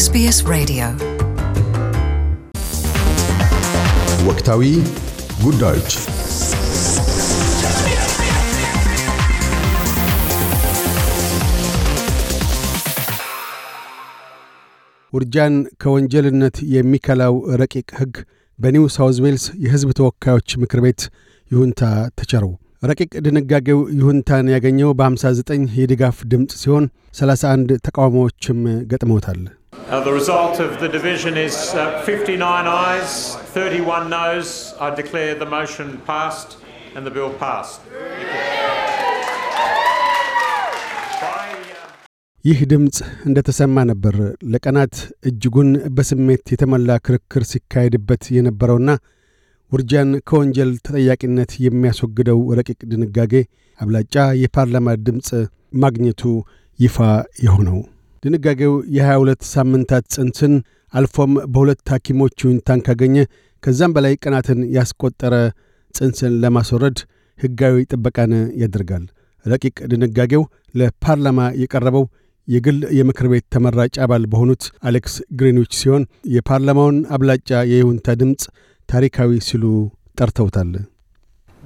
ኤስቢኤስ Radio ወቅታዊ ጉዳዮች ውርጃን ከወንጀልነት የሚከላው ረቂቅ ሕግ በኒው ሳውዝ ዌልስ የሕዝብ ተወካዮች ምክር ቤት ይሁንታ ተቸረው። ረቂቅ ድንጋጌው ይሁንታን ያገኘው በ59 የድጋፍ ድምፅ ሲሆን 31 ተቃውሞዎችም ገጥመውታል። uh, uh, ይህ ድምፅ እንደተሰማ ነበር ለቀናት እጅጉን በስሜት የተሞላ ክርክር ሲካሄድበት የነበረውና ውርጃን ከወንጀል ተጠያቂነት የሚያስወግደው ረቂቅ ድንጋጌ አብላጫ የፓርላማ ድምፅ ማግኘቱ ይፋ የሆነው ድንጋጌው የ22 ሳምንታት ጽንስን አልፎም በሁለት ሐኪሞች ይሁንታን ካገኘ ከዛም በላይ ቀናትን ያስቆጠረ ጽንስን ለማስወረድ ሕጋዊ ጥበቃን ያደርጋል። ረቂቅ ድንጋጌው ለፓርላማ የቀረበው የግል የምክር ቤት ተመራጭ አባል በሆኑት አሌክስ ግሪንዊች ሲሆን የፓርላማውን አብላጫ የይሁንታ ድምፅ ታሪካዊ ሲሉ ጠርተውታል።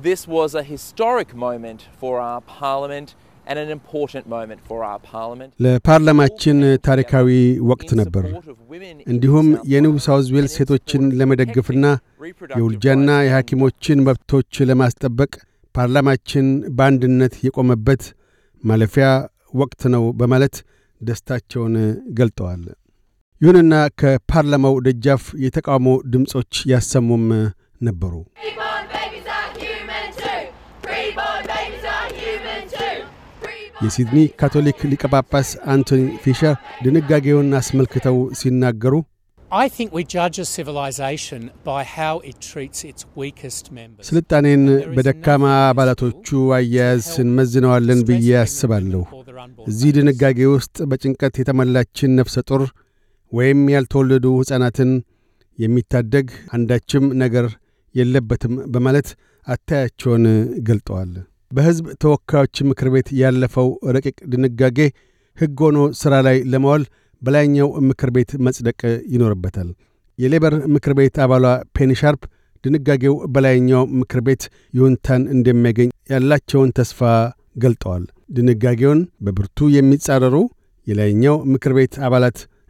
This was a historic moment for our parliament and an important moment for our parliament. ለፓርላማችን ታሪካዊ ወቅት ነበር። እንዲሁም የኒው ሳውዝ ዌልስ ሴቶችን ለመደገፍና የውልጃና የሐኪሞችን መብቶች ለማስጠበቅ ፓርላማችን በአንድነት የቆመበት ማለፊያ ወቅት ነው በማለት ደስታቸውን ገልጠዋል። ይሁንና ከፓርላማው ደጃፍ የተቃውሞ ድምፆች ያሰሙም ነበሩ። የሲድኒ ካቶሊክ ሊቀ ጳጳስ አንቶኒ ፊሸር ድንጋጌውን አስመልክተው ሲናገሩ ስልጣኔን በደካማ አባላቶቹ አያያዝ እንመዝነዋለን ብዬ አስባለሁ። እዚህ ድንጋጌ ውስጥ በጭንቀት የተሞላችን ነፍሰ ጡር ወይም ያልተወለዱ ሕፃናትን የሚታደግ አንዳችም ነገር የለበትም በማለት አታያቸውን ገልጠዋል። በሕዝብ ተወካዮች ምክር ቤት ያለፈው ረቂቅ ድንጋጌ ሕግ ሆኖ ሥራ ላይ ለመዋል በላይኛው ምክር ቤት መጽደቅ ይኖርበታል። የሌበር ምክር ቤት አባሏ ፔኒ ሻርፕ ድንጋጌው በላይኛው ምክር ቤት ይሁንታን እንደሚያገኝ ያላቸውን ተስፋ ገልጠዋል። ድንጋጌውን በብርቱ የሚጻረሩ የላይኛው ምክር ቤት አባላት